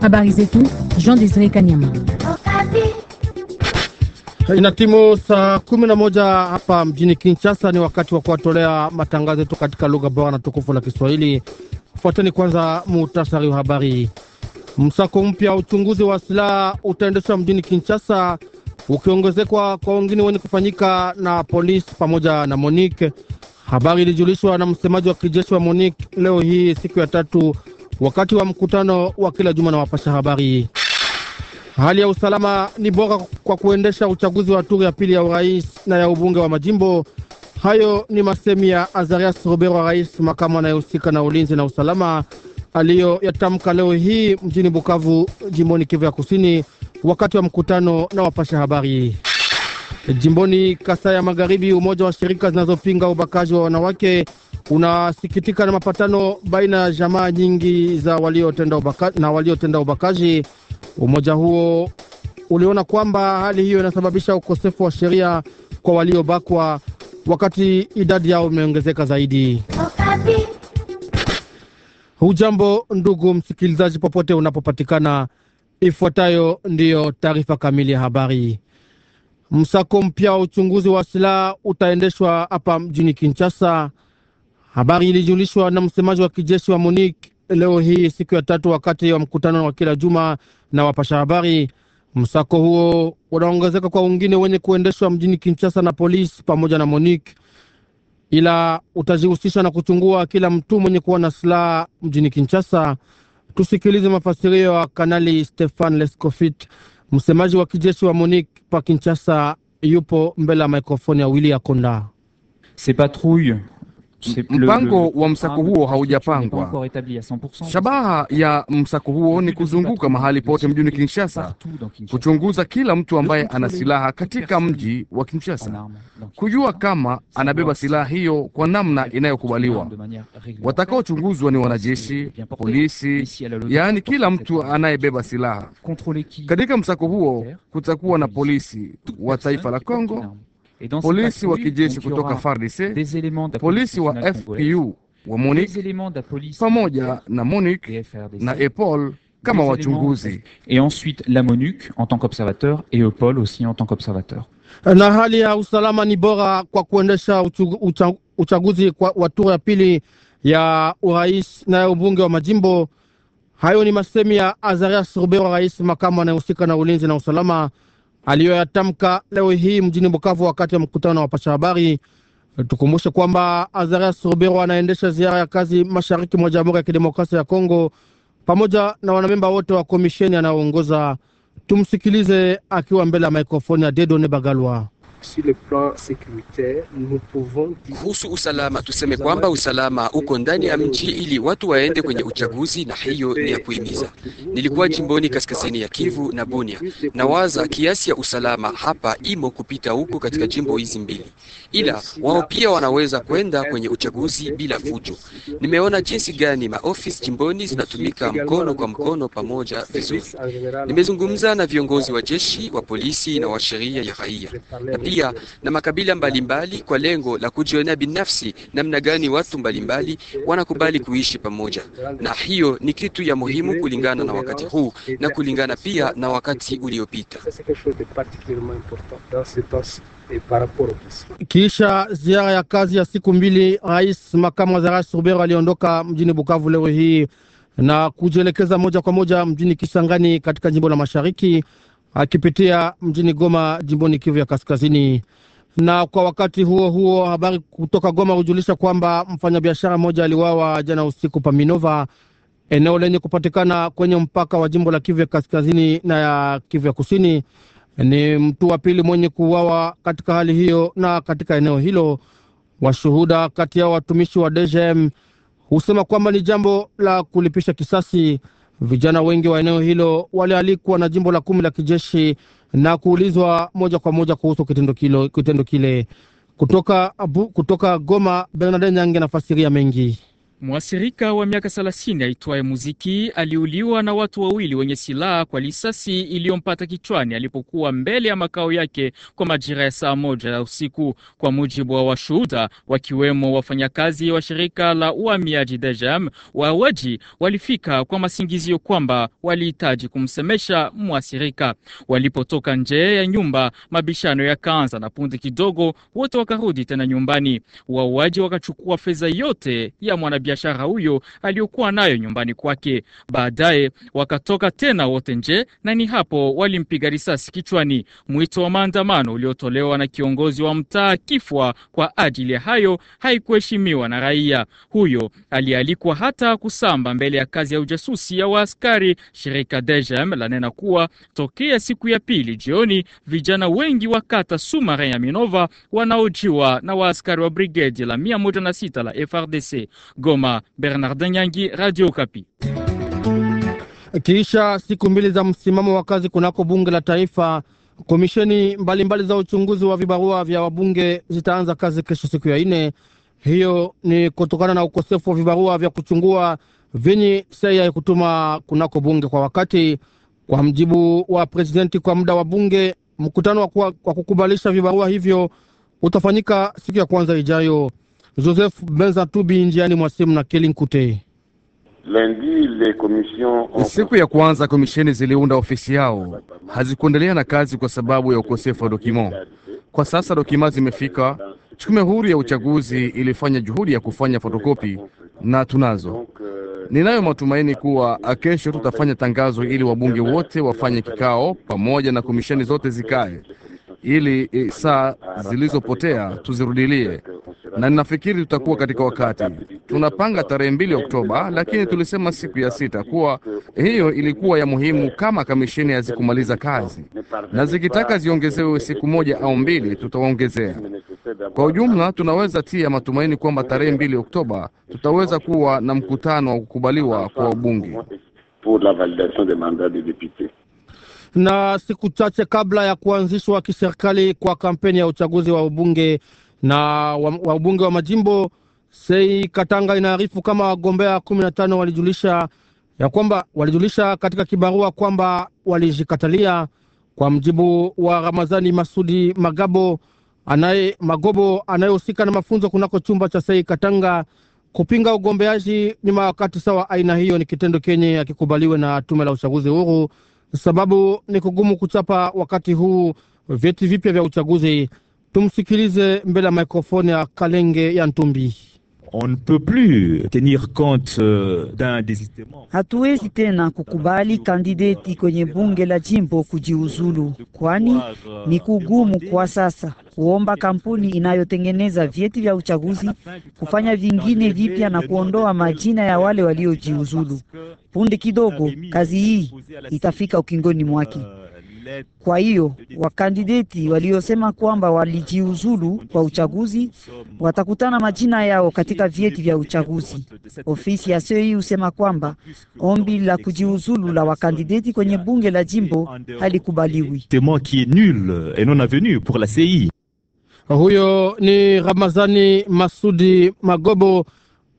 Habari zetu Jean Desire Kanyama. ina timu saa kumi na moja hapa mjini Kinshasa, ni wakati wa kuwatolea matangazo yetu katika lugha bora na tukufu la Kiswahili. Fuateni kwanza muhtasari wa habari. Msako mpya wa uchunguzi wa silaha utaendeshwa mjini Kinshasa, ukiongezekwa kwa wengine wenye kufanyika na polisi pamoja na Monique. Habari ilijulishwa na msemaji wa kijeshi wa Monique leo hii siku ya tatu wakati wa mkutano wa kila juma na wapasha habari. Hali ya usalama ni bora kwa kuendesha uchaguzi wa turi ya pili ya urais na ya ubunge wa majimbo. Hayo ni masemi ya Azarias Roberwa, rais makamu anayehusika na ulinzi na usalama, aliyoyatamka leo hii mjini Bukavu, jimboni Kivu ya Kusini, wakati wa mkutano na wapasha habari. Jimboni Kasai ya Magharibi, umoja wa shirika zinazopinga ubakaji wa wanawake unasikitika na mapatano baina ya jamaa nyingi za waliotenda ubaka, na waliotenda ubakaji. Umoja huo uliona kwamba hali hiyo inasababisha ukosefu wa sheria kwa waliobakwa, wakati idadi yao imeongezeka zaidi. Hujambo ndugu msikilizaji, popote unapopatikana, ifuatayo ndiyo taarifa kamili ya habari. Msako mpya wa uchunguzi wa silaha utaendeshwa hapa mjini Kinshasa. Habari ilijulishwa na msemaji wa kijeshi wa Munich leo hii siku ya tatu, wakati wa mkutano wa kila juma na wapasha habari. Msako huo unaongezeka kwa wengine wenye kuendeshwa mjini Kinshasa na polisi pamoja na Munich, ila utajihusisha na kuchungua kila mtu mwenye kuwa na silaha mjini Kinshasa. Tusikilize mafasirio ya Kanali Stefan Leskofit, msemaji wa kijeshi wa Munich pa Kinshasa, yupo mbele ya mikrofoni ya Willy Akonda. Ces patrouilles Mpango wa msako huo haujapangwa. Shabaha ya msako huo ni kuzunguka mahali pote mjini Kinshasa, kuchunguza kila mtu ambaye ana silaha katika mji wa Kinshasa, kujua kama anabeba silaha hiyo kwa namna inayokubaliwa. Watakaochunguzwa ni wanajeshi, polisi, yaani kila mtu anayebeba silaha. Katika msako huo kutakuwa na polisi wa taifa la Kongo Et dans polisi wa kijeshi kutoka FARDC, police wa FPU wa Munich pamoja na Munich na EPOL kama wachunguzi. Et ensuite la Monuc en tant qu'observateur et EPOL aussi en tant qu'observateur. Na hali ya usalama ni bora kwa kuendesha uchaguzi wa watu ya pili ya urais na ubunge wa majimbo. Hayo ni masemi ya Azaria Surbe wa rais makamu anayehusika na ulinzi na usalama aliyoyatamka leo hii mjini Bukavu wakati wa mkutano na wapasha habari. Tukumbushe kwamba Azarias Rubero anaendesha ziara ya kazi mashariki mwa Jamhuri ya Kidemokrasia ya Kongo pamoja na wanamemba wote wa komisheni anaoongoza Tumsikilize akiwa mbele ya maikrofoni ya Dedone Bagalwa. Kuhusu usalama, tuseme kwamba usalama uko ndani ya mji ili watu waende kwenye uchaguzi, na hiyo ni ya kuhimiza. Nilikuwa jimboni kaskazini ya Kivu na Bunia, nawaza kiasi ya usalama hapa imo kupita huko katika jimbo hizi mbili, ila wao pia wanaweza kwenda kwenye uchaguzi bila fujo. Nimeona jinsi gani maofisi jimboni zinatumika mkono kwa mkono pamoja vizuri. Nimezungumza na viongozi wa jeshi, wa polisi na wa sheria ya raia na pia na makabila mbalimbali mbali, kwa lengo la kujionea binafsi namna gani watu mbalimbali wanakubali kuishi pamoja, na hiyo ni kitu ya muhimu kulingana na wakati huu na kulingana pia na wakati uliopita. Kisha ziara ya kazi ya siku mbili, rais makamu wa zarais Rubero aliondoka mjini Bukavu leo hii na kujielekeza moja kwa moja mjini Kisangani katika jimbo la Mashariki akipitia mjini Goma, jimboni Kivu ya Kaskazini. Na kwa wakati huo huo, habari kutoka Goma hujulisha kwamba mfanyabiashara mmoja aliwawa jana usiku Paminova, eneo lenye kupatikana kwenye mpaka wa jimbo la Kivu ya Kaskazini na ya Kivu ya Kusini. Ni mtu wa pili mwenye kuuawa katika hali hiyo na katika eneo hilo. Washuhuda kati yao watumishi wa DGM husema kwamba ni jambo la kulipisha kisasi. Vijana wengi wa eneo hilo walialikwa na jimbo la kumi la kijeshi na kuulizwa moja kwa moja kuhusu kitendo, kitendo kile kutoka, abu, kutoka Goma. Bernard Nyange nafasiria mengi mwasirika wa miaka 30 aitwaye Muziki aliuliwa na watu wawili wenye silaha kwa risasi iliyompata kichwani alipokuwa mbele ya makao yake kwa majira ya saa moja ya usiku, kwa mujibu wa washuhuda, wakiwemo wafanyakazi wa shirika la uhamiaji Dejam. Wawaji walifika kwa masingizio kwamba walihitaji kumsemesha mwasirika Walipotoka nje ya nyumba, mabishano yakaanza, na punde kidogo wote wakarudi tena nyumbani. Wawaji wakachukua fedha yote ya mwana mfanyabiashara huyo aliyokuwa nayo nyumbani kwake. Baadaye wakatoka tena wote nje na ni hapo walimpiga risasi kichwani. Mwito wa maandamano uliotolewa na kiongozi wa mtaa Kifwa kwa ajili ya hayo haikuheshimiwa na raia. Huyo alialikwa hata kusamba mbele ya kazi ya ujasusi ya waaskari. Shirika DGM lanena kuwa tokea siku ya pili jioni vijana wengi wa kata Sumare ya Minova wanaojiwa na waaskari wa brigedi la 106 la FRDC Go Goma. Bernard Nyangi, Radio Kapi. Kisha siku mbili za msimamo wa kazi kunako bunge la taifa, komisheni mbalimbali mbali za uchunguzi wa vibarua vya wabunge zitaanza kazi kesho, siku ya ine. Hiyo ni kutokana na ukosefu wa vibarua vya kuchungua vyenye sei kutuma kunako bunge kwa wakati, kwa mjibu wa presidenti kwa muda wa bunge. Mkutano wa kukubalisha vibarua hivyo utafanyika siku ya kwanza ijayo. Joseph Benza Tubi njiani mwa simu na Kelin Siku ya kwanza komisheni ziliunda ofisi yao, hazikuendelea na kazi kwa sababu ya ukosefu wa dokimo. Kwa sasa dokima zimefika. Tume huru ya uchaguzi ilifanya juhudi ya kufanya fotokopi na tunazo. Ninayo matumaini kuwa kesho tutafanya tangazo ili wabunge wote wafanye kikao pamoja na komisheni zote zikae, ili eh, saa zilizopotea tuzirudilie na ninafikiri tutakuwa katika wakati. Tunapanga tarehe mbili Oktoba, lakini tulisema siku ya sita kuwa hiyo ilikuwa ya muhimu kama kamisheni hazikumaliza kazi, na zikitaka ziongezewe siku moja au mbili, tutawaongezea. Kwa ujumla, tunaweza tia matumaini kwamba tarehe mbili Oktoba tutaweza kuwa na mkutano wa kukubaliwa kwa wabunge na siku chache kabla ya kuanzishwa kiserikali kwa kampeni ya uchaguzi wa ubunge na wabunge wa majimbo Sei Katanga inaarifu kama wagombea kumi na tano walijulisha ya kwamba walijulisha katika kibarua kwamba walijikatalia. Kwa mjibu wa Ramazani Masudi Magabo anaye Magobo anayehusika na mafunzo kunako chumba cha Sei Katanga, kupinga ugombeaji nyuma ya wakati sawa aina hiyo ni kitendo kenye akikubaliwe na tume la uchaguzi huru, sababu ni kugumu kuchapa wakati huu vyeti vipya vya uchaguzi. Tumsikilize mbele ya maikrofoni ya Kalenge ya Ntumbi. On ne peut plus tenir compte euh, d'un désistement. Hatuwezi tena kukubali kandideti kwenye bunge la jimbo kujiuzulu, kwani ni kugumu kwa sasa kuomba kampuni inayotengeneza vyeti vya uchaguzi kufanya vingine vipya na kuondoa majina ya wale waliojiuzulu. Punde kidogo, kazi hii itafika ukingoni mwake. Kwa hiyo wakandideti waliosema kwamba walijiuzulu kwa uchaguzi watakutana majina yao katika vyeti vya uchaguzi. Ofisi ya cei husema kwamba ombi la kujiuzulu la wakandideti kwenye bunge la jimbo halikubaliwi. E Huyo ni Ramazani Masudi Magobo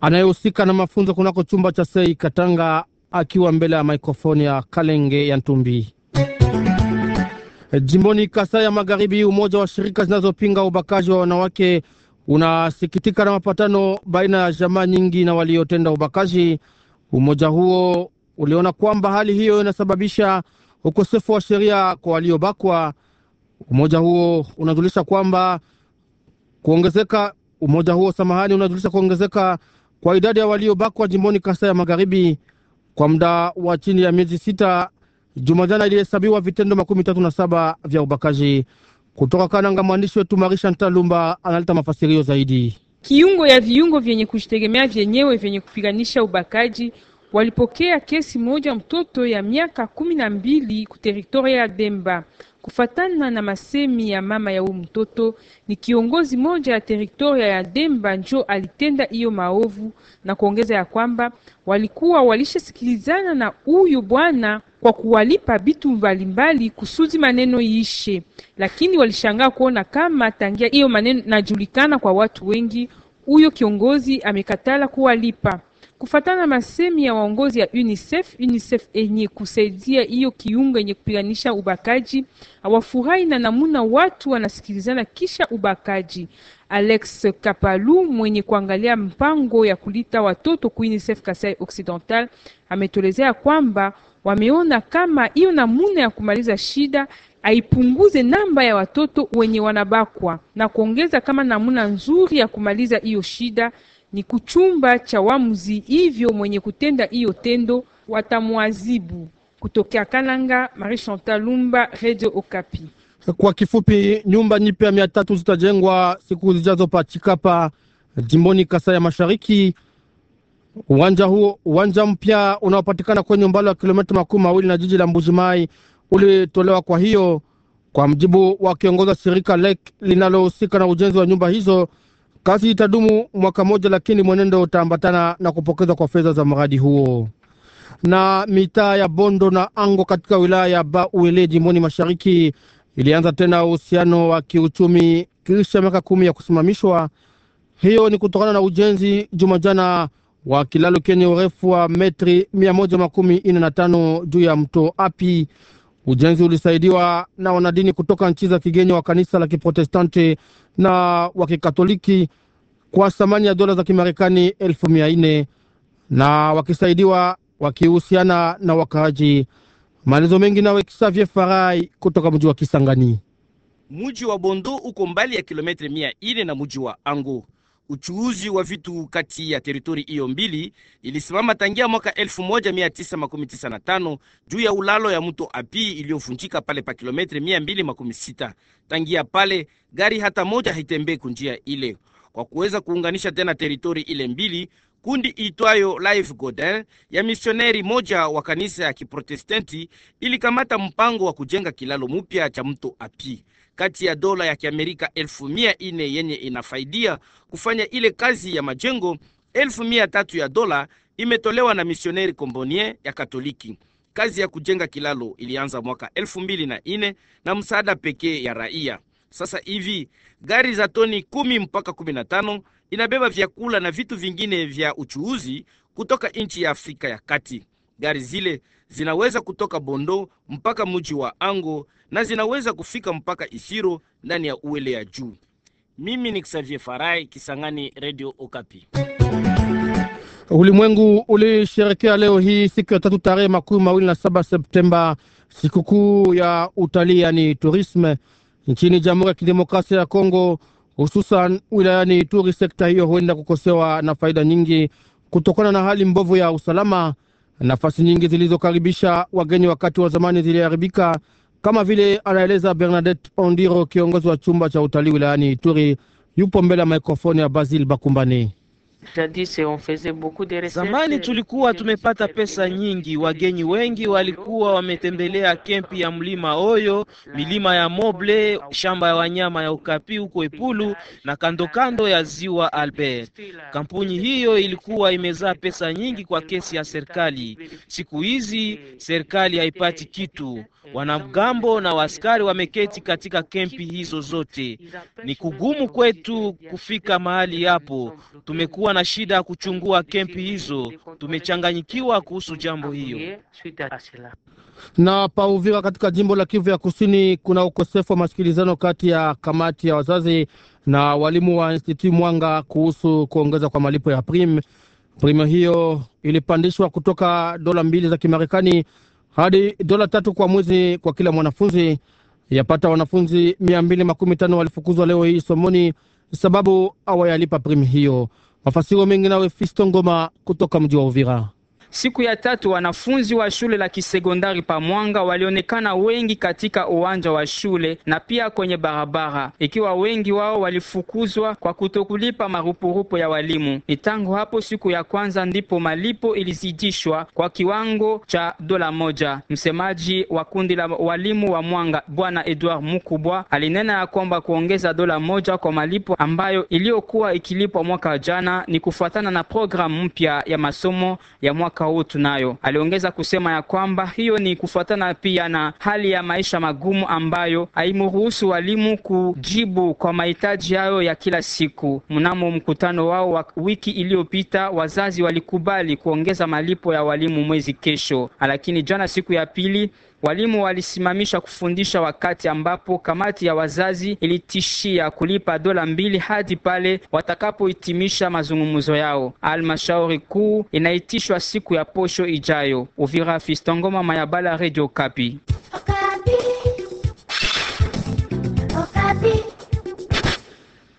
anayehusika na mafunzo kunako chumba cha sei Katanga, akiwa mbele ya maikrofoni ya Kalenge ya Ntumbi. Eh, jimboni Kasai ya Magharibi, umoja wa shirika zinazopinga ubakaji wa wanawake unasikitika na mapatano baina ya jamaa nyingi na waliotenda ubakaji. Umoja huo uliona kwamba hali hiyo inasababisha ukosefu wa sheria kwa waliobakwa. Umoja huo unajulisha kwamba kuongezeka, umoja huo samahani, unajulisha kuongezeka kwa idadi ya waliobakwa jimboni Kasai ya Magharibi kwa muda wa chini ya miezi sita Jumajana ilihesabiwa vitendo makumi tatu na saba vya ubakaji. Kutoka Kananga, mwandishi wetu Marisha Ntalumba analeta mafasirio zaidi. Kiungo ya viungo vyenye kujitegemea vyenyewe vyenye kupiganisha ubakaji walipokea kesi moja mtoto ya miaka kumi na mbili ku teritoria ya Demba. Kufatana na masemi ya mama ya huyu mtoto, ni kiongozi moja ya teritoria ya Demba njo alitenda hiyo maovu, na kuongeza ya kwamba walikuwa walishasikilizana na huyu bwana kwa kuwalipa vitu mbalimbali kusudi maneno iishe, lakini walishangaa kuona kama tangia hiyo maneno najulikana kwa watu wengi, huyo kiongozi amekatala kuwalipa. Kufatana na masemi ya waongozi ya UNICEF, UNICEF enye kusaidia hiyo kiungo yenye kupiganisha ubakaji awafurahi na namuna watu wanasikilizana kisha ubakaji. Alex Kapalu mwenye kuangalia mpango ya kulita watoto ku UNICEF Kasai Occidental ametolezea kwamba wameona kama hiyo namuna ya kumaliza shida aipunguze namba ya watoto wenye wanabakwa na kuongeza kama namuna nzuri ya kumaliza hiyo shida ni kuchumba cha wamuzi, hivyo mwenye kutenda hiyo tendo watamwazibu. Kutokea Kananga, Marie Chantal Lumba, Radio Okapi. Kwa kifupi, nyumba nyipya mia tatu zitajengwa siku zijazo pa Chikapa, jimboni Kasai ya Mashariki. Uwanja huo uwanja mpya unaopatikana kwenye umbali wa kilomita makumi mawili na jiji la Mbuzimai ulitolewa kwa hiyo, kwa mjibu wa kiongozi shirika LEC linalohusika na ujenzi wa nyumba hizo. Kazi itadumu mwaka mmoja, lakini mwenendo utaambatana na kupokezwa kwa fedha za mradi huo. Na mitaa ya Bondo na Ango katika wilaya ya Ba Uele jimboni mashariki ilianza tena uhusiano wa kiuchumi kisha miaka kumi ya kusimamishwa. Hiyo ni kutokana na ujenzi jumajana jana wa kilalo kenye urefu wa metri mia moja makumi ine na tano juu ya mto Api. Ujenzi ulisaidiwa na wanadini kutoka nchi za kigeni wa kanisa la Kiprotestante na wa Kikatoliki kwa thamani ya dola za Kimarekani elfu mia na wakisaidiwa wakihusiana na wakaaji. Maelezo mengi nawe Kisavye Farai kutoka mji wa Kisangani. Mji wa Bondo uko mbali ya kilometri mia na mji wa Angu uchuuzi wa vitu kati ya teritori hiyo mbili ilisimama tangia mwaka 1995 juu ya ulalo ya mto Api iliyovunjika pale pa kilometri 216. Tangia pale gari hata moja haitembei kunjia ile. Kwa kuweza kuunganisha tena teritori ile mbili, kundi itwayo Life Godin eh, ya misioneri moja wa kanisa ya Kiprotestanti ilikamata mpango wa kujenga kilalo mupya cha mto Api kati ya dola ya Kiamerika elfu mia ine yenye inafaidia kufanya ile kazi ya majengo. Elfu mia tatu ya dola imetolewa na misioneri Combonier ya Katoliki. Kazi ya kujenga kilalo ilianza mwaka elfu mbili na ine na msaada pekee ya raia. Sasa hivi gari za toni kumi mpaka kumi na tano inabeba vyakula na vitu vingine vya uchuuzi kutoka nchi ya Afrika ya Kati. Gari zile zinaweza kutoka Bondo mpaka mji wa Ango na zinaweza kufika mpaka Isiro ndani ya uwele ya juu. Mimi ni Xavier Farai, Kisangani, Radio Okapi. Ulimwengu ulisherekea leo hii siku ya tatu tarehe makumi mawili na saba Septemba sikukuu ya utalii, yani tourisme nchini Jamhuri ya Kidemokrasia ya Kongo hususan wilayani Ituri. Sekta hiyo huenda kukosewa na faida nyingi kutokana na hali mbovu ya usalama. Nafasi nyingi zilizokaribisha wageni wakati wa zamani ziliharibika, kama vile anaeleza Bernadette Ondiro, kiongozi wa chumba cha utalii wilayani Ituri. Yupo mbele ya mikrofoni ya Basil Bakumbani. Zamani tulikuwa tumepata pesa nyingi. Wageni wengi walikuwa wametembelea kempi ya mlima Oyo, milima ya Moble, shamba ya wanyama ya Ukapi huko Epulu na kando kando ya ziwa Albert. Kampuni hiyo ilikuwa imezaa pesa nyingi kwa kesi ya serikali. Siku hizi serikali haipati kitu. Wanamgambo na waskari wameketi katika kempi hizo zote. Ni kugumu kwetu kufika mahali hapo. Tumekuwa na shida ya kuchungua kempi hizo, tumechanganyikiwa kuhusu jambo hiyo. Na pa Uvira katika jimbo la Kivu ya Kusini kuna ukosefu wa masikilizano kati ya kamati ya wazazi na walimu wa Institut Mwanga kuhusu kuongeza kwa malipo ya prime. Prime hiyo ilipandishwa kutoka dola mbili za Kimarekani hadi dola tatu kwa mwezi kwa kila mwanafunzi. Yapata wanafunzi mia mbili makumi tano walifukuzwa leo hii somoni sababu hawayalipa primi hiyo. Mafasiro mengi nawe Fisto Ngoma kutoka mji wa Uvira. Siku ya tatu wanafunzi wa shule la kisekondari Pamwanga walionekana wengi katika uwanja wa shule na pia kwenye barabara, ikiwa wengi wao walifukuzwa kwa kutokulipa marupurupu ya walimu. Ni tangu hapo siku ya kwanza ndipo malipo ilizidishwa kwa kiwango cha dola moja. Msemaji wa kundi la walimu wa Mwanga, Bwana Edward Mukubwa, alinena ya kwamba kuongeza dola moja kwa malipo ambayo iliyokuwa ikilipwa mwaka jana ni kufuatana na programu mpya ya masomo ya mwaka tofauti nayo. Aliongeza kusema ya kwamba hiyo ni kufuatana pia na hali ya maisha magumu ambayo haimruhusu walimu kujibu kwa mahitaji yao ya kila siku. Mnamo mkutano wao wa wiki iliyopita, wazazi walikubali kuongeza malipo ya walimu mwezi kesho, lakini jana siku ya pili Walimu walisimamisha kufundisha wakati ambapo kamati ya wazazi ilitishia kulipa dola mbili hadi pale watakapohitimisha mazungumzo yao. Almashauri kuu inaitishwa siku ya posho ijayo. Uvira, Fistongoma, Mayabala, Radio Kapi.